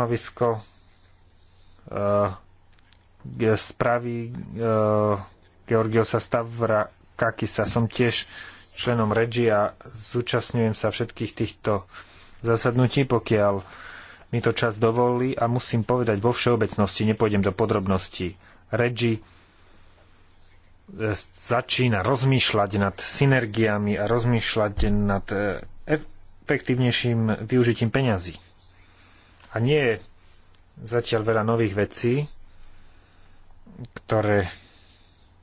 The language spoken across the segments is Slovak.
stanovisko uh, správy uh, eh, Georgiosa Stavra Kakisa. Som tiež členom Regi a zúčastňujem sa všetkých týchto zasadnutí, pokiaľ mi to čas dovolí a musím povedať vo všeobecnosti, nepôjdem do podrobností. Regi eh, začína rozmýšľať nad synergiami a rozmýšľať nad efektívnejším využitím peňazí. A nie je zatiaľ veľa nových vecí, ktoré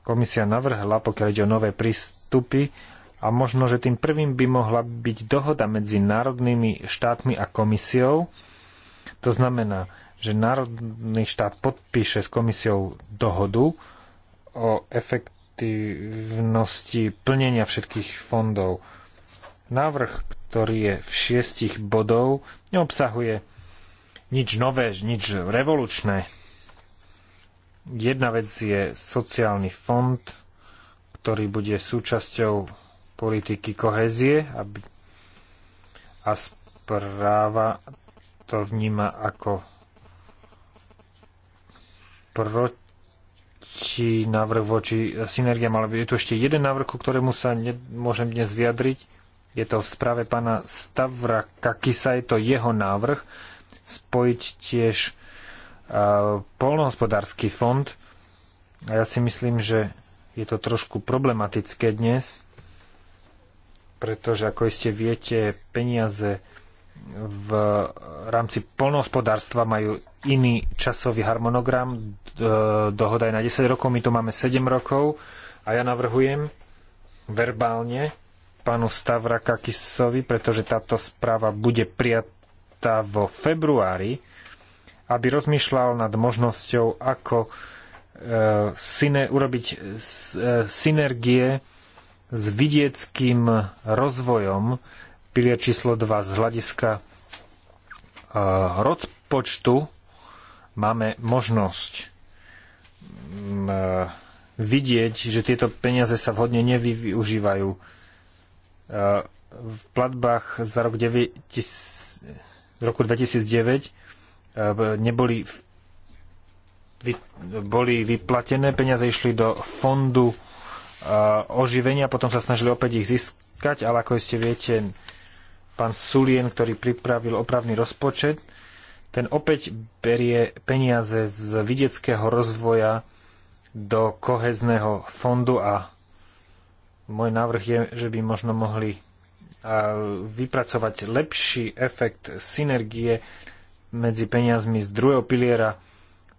komisia navrhla, pokiaľ ide o nové prístupy a možno, že tým prvým by mohla byť dohoda medzi národnými štátmi a komisiou. To znamená, že národný štát podpíše s komisiou dohodu o efektívnosti plnenia všetkých fondov. Návrh, ktorý je v šiestich bodov, neobsahuje nič nové, nič revolučné. Jedna vec je sociálny fond, ktorý bude súčasťou politiky kohézie aby, a správa to vníma ako proti návrh voči synergiám, ale je tu ešte jeden návrh, ku ktorému sa nemôžem dnes vyjadriť. Je to v správe pána Stavra Kakisa, je to jeho návrh spojiť tiež e, polnohospodársky fond. A ja si myslím, že je to trošku problematické dnes, pretože ako iste viete, peniaze v rámci polnohospodárstva majú iný časový harmonogram, e, dohoda je na 10 rokov, my tu máme 7 rokov a ja navrhujem verbálne pánu Stavra Kakisovi, pretože táto správa bude prijatá Barota vo februári, aby rozmýšľal nad možnosťou, ako e, syne, urobiť e, synergie s vidieckým rozvojom pilier číslo 2 z hľadiska e, rozpočtu máme možnosť mm, vidieť, že tieto peniaze sa vhodne nevyužívajú. V platbách za rok 9, z roku 2009 e, neboli boli vyplatené, peniaze išli do fondu e, oživenia, potom sa snažili opäť ich získať, ale ako ste viete, pán Sulien, ktorý pripravil opravný rozpočet, ten opäť berie peniaze z vidieckého rozvoja do kohezného fondu a môj návrh je, že by možno mohli vypracovať lepší efekt synergie medzi peniazmi z druhého piliera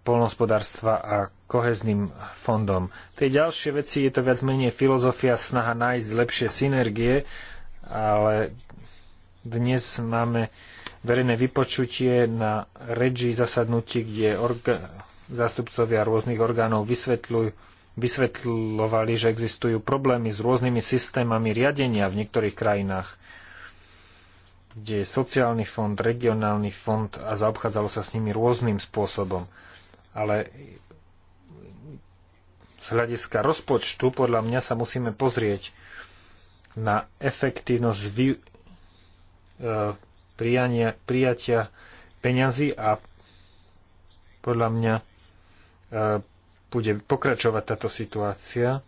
polnospodárstva a kohezným fondom. Tie ďalšie veci je to viac menej filozofia, snaha nájsť lepšie synergie, ale dnes máme verejné vypočutie na reči zasadnutí, kde zástupcovia rôznych orgánov vysvetľujú vysvetľovali, že existujú problémy s rôznymi systémami riadenia v niektorých krajinách, kde je sociálny fond, regionálny fond a zaobchádzalo sa s nimi rôznym spôsobom. Ale z hľadiska rozpočtu podľa mňa sa musíme pozrieť na efektívnosť vy, e, prijania, prijatia peňazí a podľa mňa e, bude pokračovať táto situácia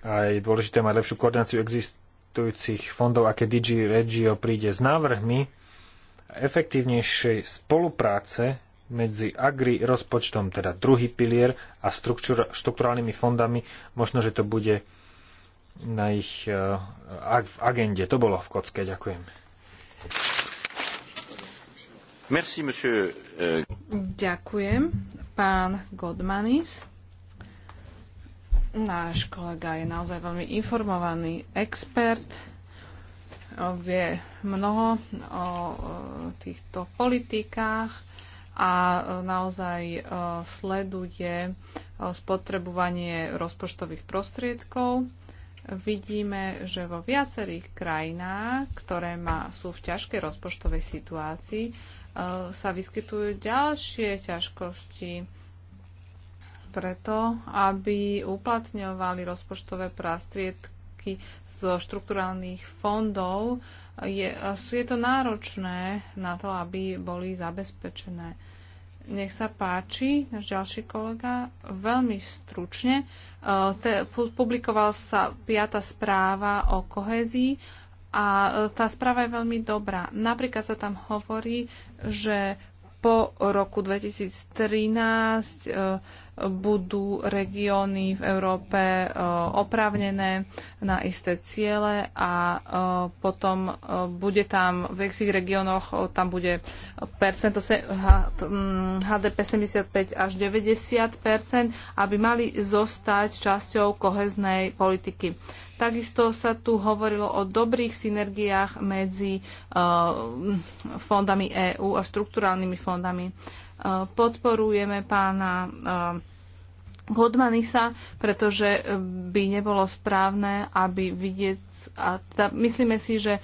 a je dôležité mať lepšiu koordináciu existujúcich fondov a keď DG Regio príde s návrhmi efektívnejšej spolupráce medzi agri rozpočtom, teda druhý pilier a štrukturálnymi fondami, možno, že to bude na ich uh, v agende. To bolo v kocke. Ďakujem. Merci, monsieur. Eh. Ďakujem pán Godmanis. Náš kolega je naozaj veľmi informovaný expert, vie mnoho o týchto politikách a naozaj sleduje spotrebovanie rozpočtových prostriedkov vidíme, že vo viacerých krajinách, ktoré má, sú v ťažkej rozpočtovej situácii, sa vyskytujú ďalšie ťažkosti preto, aby uplatňovali rozpočtové prostriedky zo štrukturálnych fondov. Je, je to náročné na to, aby boli zabezpečené. Nech sa páči, náš ďalší kolega, veľmi stručne. E, te, publikoval sa piata správa o kohezii a e, tá správa je veľmi dobrá. Napríklad sa tam hovorí, že po roku 2013 budú regióny v Európe e, opravnené na isté ciele a e, potom e, bude tam v exých regiónoch, tam bude percento HDP 75 až 90 aby mali zostať časťou koheznej politiky. Takisto sa tu hovorilo o dobrých synergiách medzi fondami EÚ a štruktúrálnymi fondami. Podporujeme pána eh, Godmanisa, pretože by nebolo správne, aby vidieť a teda myslíme si, že eh,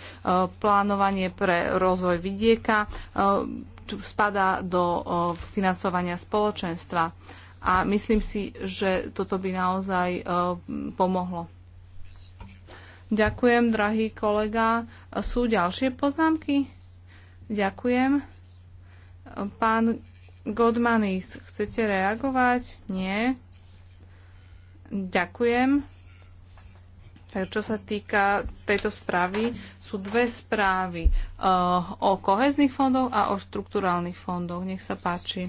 plánovanie pre rozvoj vidieka eh, spadá do financovania spoločenstva. A myslím si, že toto by naozaj pomohlo. Ďakujem, drahý kolega. Sú ďalšie poznámky? Ďakujem. Pán Godmanis, chcete reagovať? Nie. Ďakujem. Takže čo sa týka tejto správy, sú dve správy uh, o kohezných fondoch a o štrukturálnych fondoch. Nech sa páči.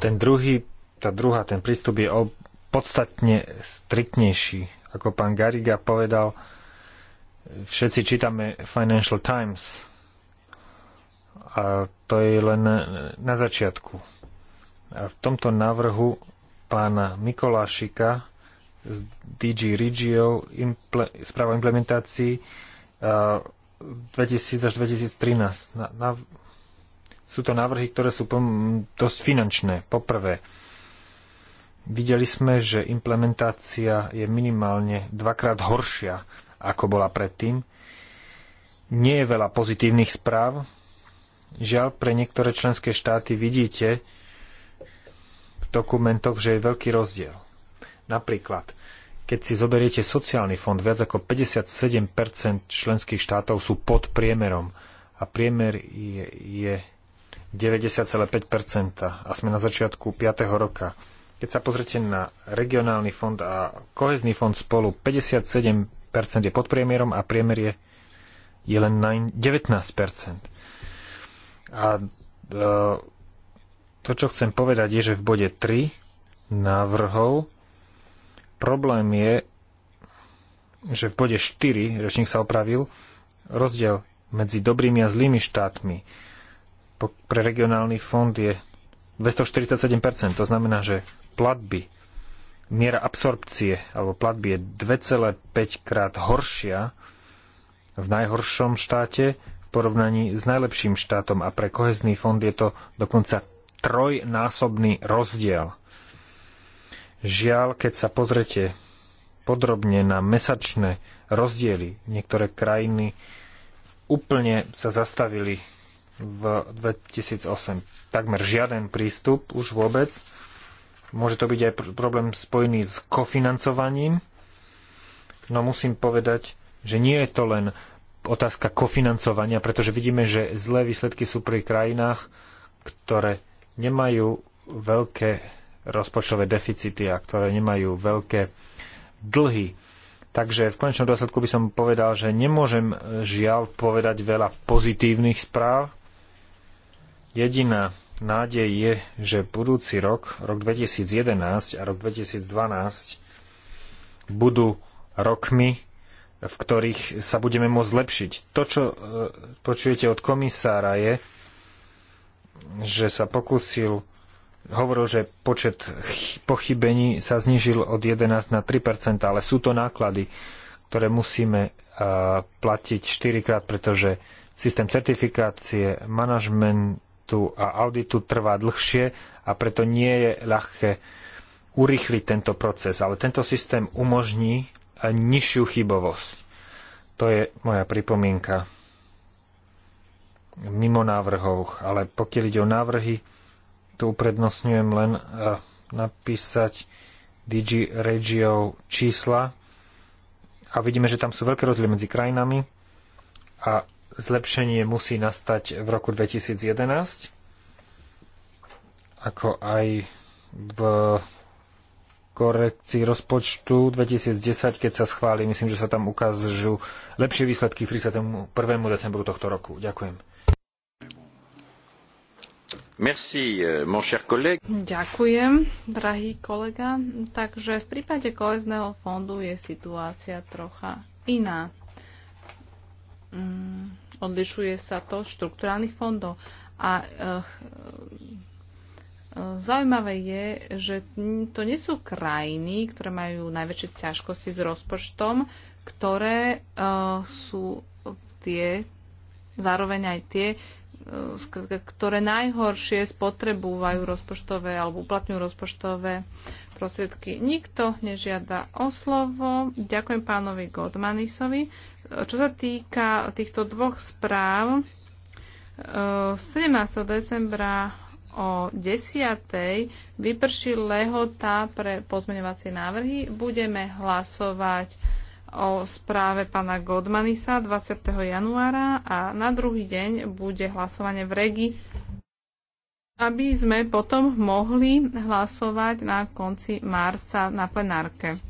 Ten druhý, tá druhá, ten prístup je podstatne striktnejší. Ako pán Gariga povedal, všetci čítame Financial Times, a to je len na začiatku. A v tomto návrhu pána Mikolášika z DG Regio imple, správa implementácií 2000 až 2013. Na, na, sú to návrhy, ktoré sú pom- dosť finančné. Poprvé, videli sme, že implementácia je minimálne dvakrát horšia, ako bola predtým. Nie je veľa pozitívnych správ, Žiaľ, pre niektoré členské štáty vidíte v dokumentoch, že je veľký rozdiel. Napríklad, keď si zoberiete sociálny fond, viac ako 57% členských štátov sú pod priemerom a priemer je, je 90,5% a sme na začiatku 5. roka. Keď sa pozrite na regionálny fond a kohezný fond spolu, 57% je pod priemerom a priemer je, je len 19%. A e, to, čo chcem povedať, je, že v bode 3 návrhov problém je, že v bode 4, rečník sa opravil, rozdiel medzi dobrými a zlými štátmi pre regionálny fond je 247%, to znamená, že platby, miera absorpcie alebo platby je 2,5 krát horšia v najhoršom štáte porovnaní s najlepším štátom a pre kohezný fond je to dokonca trojnásobný rozdiel. Žiaľ, keď sa pozrete podrobne na mesačné rozdiely, niektoré krajiny úplne sa zastavili v 2008. Takmer žiaden prístup už vôbec. Môže to byť aj problém spojený s kofinancovaním, no musím povedať, že nie je to len otázka kofinancovania, pretože vidíme, že zlé výsledky sú pri krajinách, ktoré nemajú veľké rozpočtové deficity a ktoré nemajú veľké dlhy. Takže v konečnom dôsledku by som povedal, že nemôžem žiaľ povedať veľa pozitívnych správ. Jediná nádej je, že budúci rok, rok 2011 a rok 2012 budú rokmi, v ktorých sa budeme môcť zlepšiť. To, čo e, počujete od komisára, je, že sa pokúsil, hovoril, že počet pochybení sa znížil od 11 na 3 ale sú to náklady, ktoré musíme e, platiť 4 krát, pretože systém certifikácie, manažmentu a auditu trvá dlhšie a preto nie je ľahké urýchliť tento proces. Ale tento systém umožní nižšiu chybovosť. To je moja pripomienka mimo návrhov, ale pokiaľ ide o návrhy, tu uprednostňujem len e, napísať Digi Regio čísla a vidíme, že tam sú veľké rozdiely medzi krajinami a zlepšenie musí nastať v roku 2011 ako aj v korekcii rozpočtu 2010, keď sa schváli. Myslím, že sa tam ukážu lepšie výsledky k 31. decembru tohto roku. Ďakujem. Merci, euh, mon cher Ďakujem, drahý kolega. Takže v prípade kohezného fondu je situácia trocha iná. Mm, odlišuje sa to od štrukturálnych fondov. A e, Zaujímavé je, že to nie sú krajiny, ktoré majú najväčšie ťažkosti s rozpočtom, ktoré e, sú tie, zároveň aj tie, e, ktoré najhoršie spotrebúvajú rozpočtové alebo uplatňujú rozpočtové prostriedky. Nikto nežiada o slovo. Ďakujem pánovi Godmanisovi. Čo sa týka týchto dvoch správ, 17. E, decembra o 10. vyprší lehota pre pozmeňovacie návrhy. Budeme hlasovať o správe pána Godmanisa 20. januára a na druhý deň bude hlasovanie v Regi, aby sme potom mohli hlasovať na konci marca na plenárke.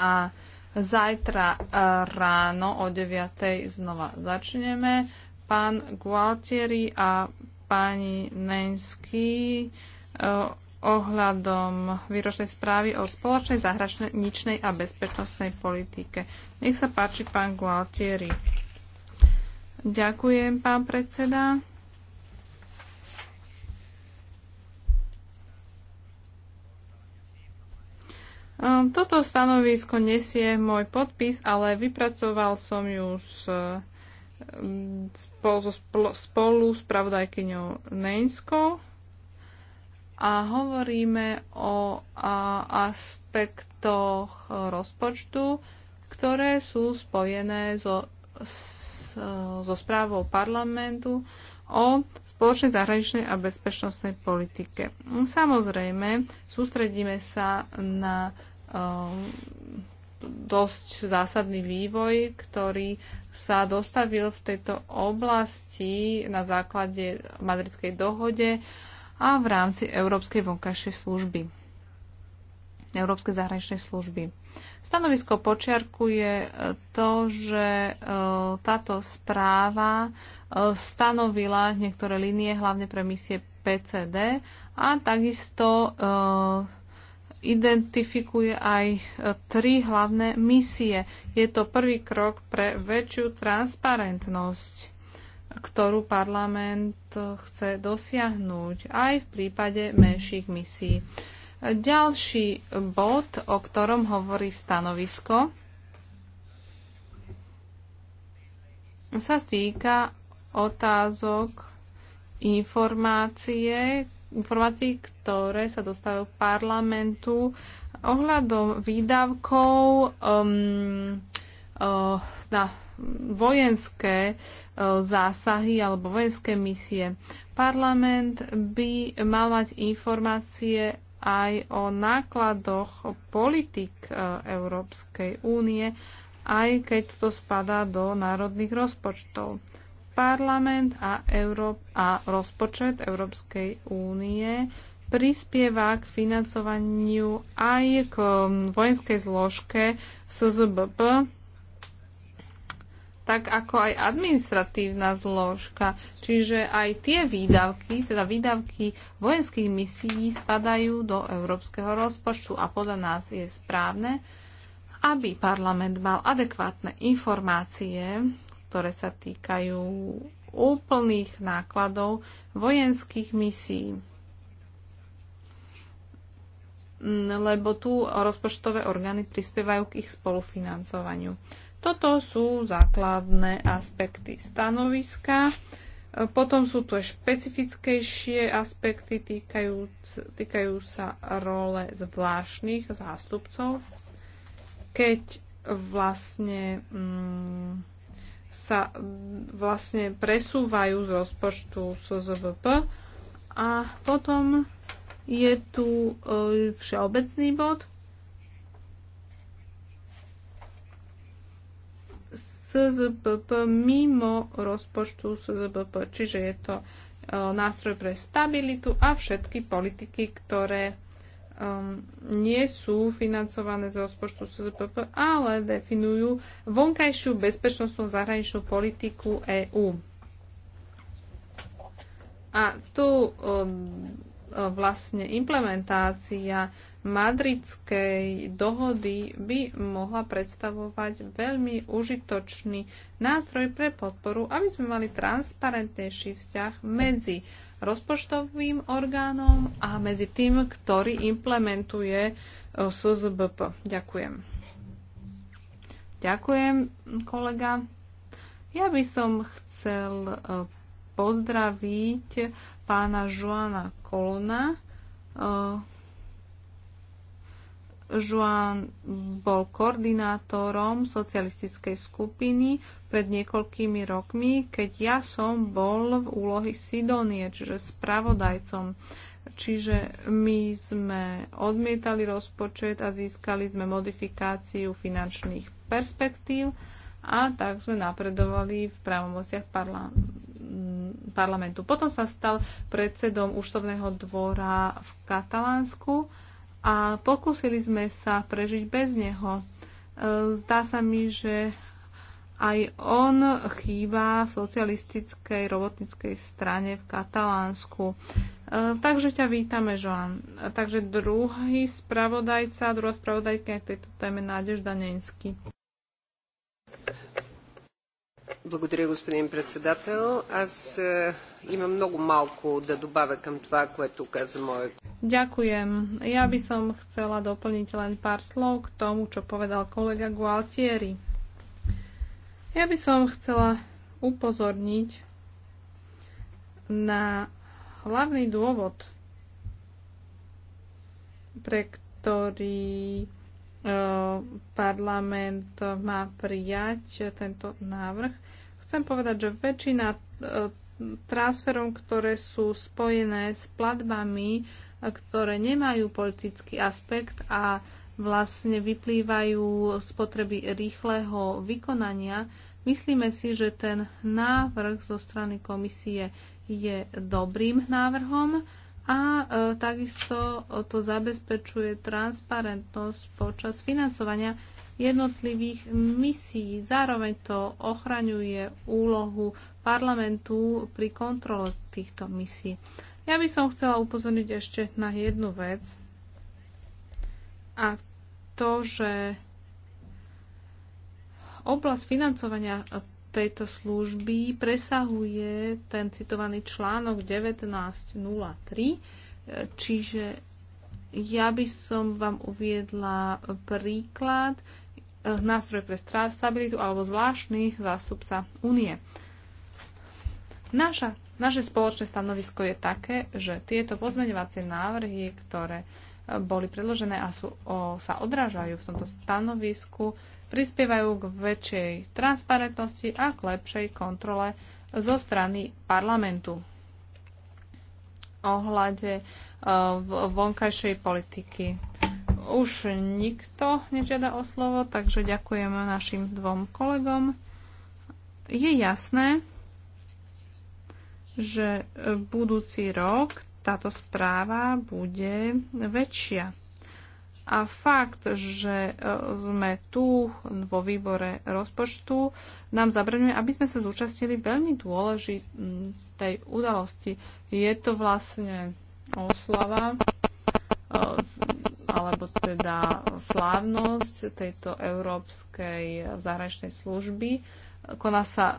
A zajtra eh, ráno o 9. znova začneme. Pán Gualtieri a pani Nenský e, ohľadom výročnej správy o spoločnej zahraničnej a bezpečnostnej politike. Nech sa páči, pán Gualtieri. Ďakujem, pán predseda. E, toto stanovisko nesie môj podpis, ale vypracoval som ju s spolu so spolu, spolu pravodajkyňou Nejnskou a hovoríme o a, aspektoch rozpočtu, ktoré sú spojené so, s, so správou parlamentu o spoločnej zahraničnej a bezpečnostnej politike. Samozrejme, sústredíme sa na um, dosť zásadný vývoj, ktorý sa dostavil v tejto oblasti na základe Madridskej dohode a v rámci Európskej vonkajšej služby. Európskej zahraničnej služby. Stanovisko počiarkuje to, že e, táto správa e, stanovila niektoré línie, hlavne pre misie PCD a takisto e, identifikuje aj e, tri hlavné misie. Je to prvý krok pre väčšiu transparentnosť, ktorú parlament chce dosiahnuť aj v prípade menších misií. Ďalší bod, o ktorom hovorí stanovisko, sa týka otázok informácie, informácií, ktoré sa dostávajú parlamentu ohľadom výdavkov um, uh, na vojenské uh, zásahy alebo vojenské misie. Parlament by mal mať informácie aj o nákladoch o politik uh, Európskej únie, aj keď to spadá do národných rozpočtov parlament a, Euró- a rozpočet Európskej únie prispieva k financovaniu aj k um, vojenskej zložke SZBP, tak ako aj administratívna zložka. Čiže aj tie výdavky, teda výdavky vojenských misií spadajú do európskeho rozpočtu a podľa nás je správne, aby parlament mal adekvátne informácie ktoré sa týkajú úplných nákladov vojenských misií. Lebo tu rozpočtové orgány prispievajú k ich spolufinancovaniu. Toto sú základné aspekty stanoviska. Potom sú tu špecifickejšie aspekty týkajú, týkajú sa role zvláštnych zástupcov, keď vlastne mm, sa vlastne presúvajú z rozpočtu SZVP. a potom je tu e, všeobecný bod, SZPP mimo rozpočtu SZPP, Čiže je to e, nástroj pre stabilitu a všetky politiky, ktoré um, nie sú financované z rozpočtu SZPP, ale definujú vonkajšiu bezpečnostnú zahraničnú politiku EÚ. A tu um, vlastne implementácia madridskej dohody by mohla predstavovať veľmi užitočný nástroj pre podporu, aby sme mali transparentnejší vzťah medzi uh, rozpočtovým orgánom a medzi tým, ktorý implementuje e, SZBP. Ďakujem. Ďakujem, kolega. Ja by som chcel e, pozdraviť pána Joana Kolona, e, Joan bol koordinátorom socialistickej skupiny pred niekoľkými rokmi, keď ja som bol v úlohy Sidonie, čiže spravodajcom. Čiže my sme odmietali rozpočet a získali sme modifikáciu finančných perspektív a tak sme napredovali v právomociach parla- parlamentu. Potom sa stal predsedom úštovného dvora v Katalánsku a pokúsili sme sa prežiť bez neho. E, zdá sa mi, že aj on chýba socialistickej robotníckej strane v Katalánsku. E, takže ťa vítame, Joan. takže druhý spravodajca, druhá spravodajka k tejto téme Nádež Danensky. Благодаря, господин председател. Аз имам много малко да добавя към това, което каза мой. Ďakujem. Ja by som chcela doplniť len pár slov k tomu, čo povedal kolega Gualtieri. Ja by som chcela upozorniť na hlavný dôvod, pre ktorý e, parlament má prijať tento návrh Chcem povedať, že väčšina e, transferov, ktoré sú spojené s platbami, e, ktoré nemajú politický aspekt a vlastne vyplývajú z potreby rýchleho vykonania, myslíme si, že ten návrh zo strany komisie je dobrým návrhom a e, takisto to zabezpečuje transparentnosť počas financovania jednotlivých misií. Zároveň to ochraňuje úlohu parlamentu pri kontrole týchto misií. Ja by som chcela upozorniť ešte na jednu vec a to, že oblasť financovania tejto služby presahuje ten citovaný článok 1903, čiže ja by som vám uviedla príklad Eh, nástroj pre stabilitu alebo zvláštny zástupca únie. Naša, naše spoločné stanovisko je také, že tieto pozmeňovacie návrhy, ktoré eh, boli predložené a sú, o, sa odrážajú v tomto stanovisku, prispievajú k väčšej transparentnosti a k lepšej kontrole zo strany parlamentu ohľade eh, vonkajšej politiky už nikto nežiada o slovo, takže ďakujem našim dvom kolegom. Je jasné, že budúci rok táto správa bude väčšia. A fakt, že e, sme tu vo výbore rozpočtu, nám zabraňuje, aby sme sa zúčastnili veľmi dôležitej udalosti. Je to vlastne oslava e, alebo teda slávnosť tejto európskej zahraničnej služby. Koná sa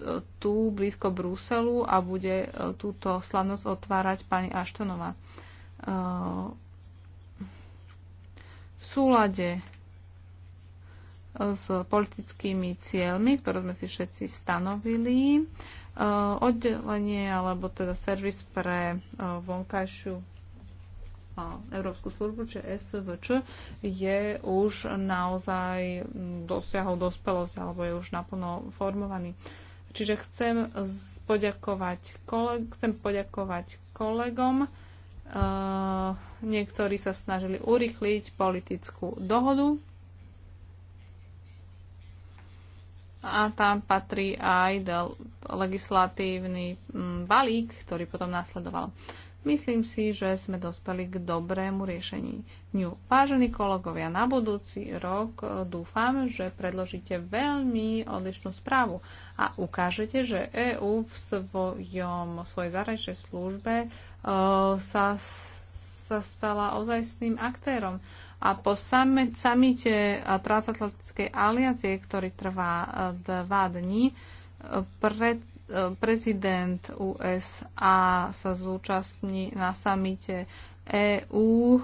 e, tu blízko Bruselu a bude e, túto slavnosť otvárať pani Aštonová. E, v súlade s politickými cieľmi, ktoré sme si všetci stanovili, oddelenie alebo teda servis pre vonkajšiu Európsku službu, či SVČ, je už naozaj dosiahol dospelosť alebo je už naplno formovaný. Čiže chcem poďakovať, koleg- chcem poďakovať kolegom. Uh, niektorí sa snažili urychliť politickú dohodu a tam patrí aj legislatívny balík, ktorý potom nasledoval. Myslím si, že sme dospeli k dobrému riešeniu. Vážení kolegovia, na budúci rok e, dúfam, že predložíte veľmi odlišnú správu a ukážete, že EÚ v svojom, svojej zahraničnej službe e, sa, sa stala ozajstným aktérom. A po samite e, Transatlantickej aliancie, ktorý trvá e, dva dní, pred prezident USA sa zúčastní na samite EU,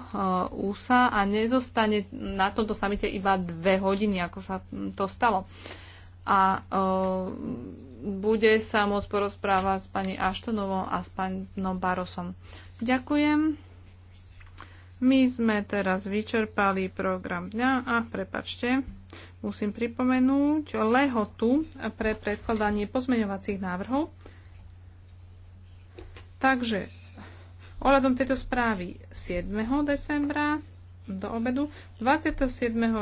USA uh, a nezostane na tomto samite iba dve hodiny, ako sa to stalo. A uh, bude sa môcť porozprávať s pani Aštonovou a s pánom Barosom. Ďakujem. My sme teraz vyčerpali program dňa a prepačte. Musím pripomenúť lehotu pre predkladanie pozmeňovacích návrhov. Takže ohľadom tejto správy 7. decembra do obedu. 27.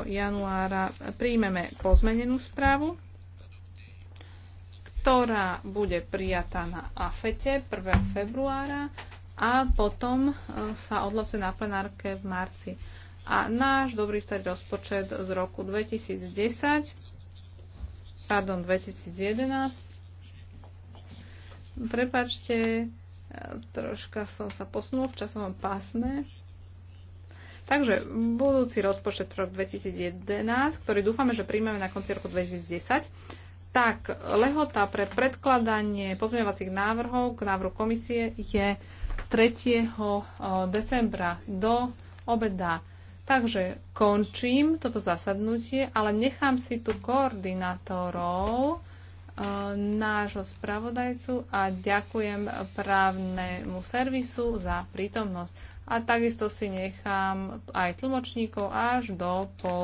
januára príjmeme pozmenenú správu, ktorá bude prijatá na AFETE 1. februára a potom e, sa odhlasuje na plenárke v marci. A náš dobrý starý rozpočet z roku 2010, pardon, 2011, prepačte, e, troška som sa posunul v časovom pásme, Takže budúci rozpočet pro rok 2011, ktorý dúfame, že príjmeme na konci roku 2010, tak lehota pre predkladanie pozmeňovacích návrhov k návrhu komisie je 3. E, decembra do obeda. Takže končím toto zasadnutie, ale nechám si tu koordinátorov eh, nášho spravodajcu a ďakujem právnemu servisu za prítomnosť. A takisto si nechám aj tlmočníkov až do pol.